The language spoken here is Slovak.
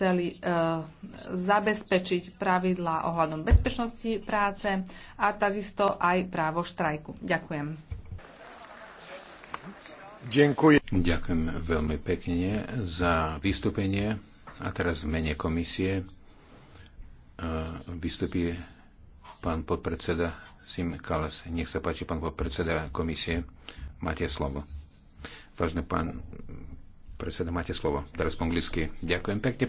chceli uh, zabezpečiť pravidlá ohľadom bezpečnosti práce a takisto aj právo štrajku. Ďakujem. Ďakujem. Ďakujem veľmi pekne za vystúpenie. A teraz v mene komisie uh, e, vystupí pán podpredseda Sim Kalas. Nech sa páči, pán podpredseda komisie. Máte slovo. Vážne pán predseda, máte slovo. Teraz po anglicky. Ďakujem pekne, pán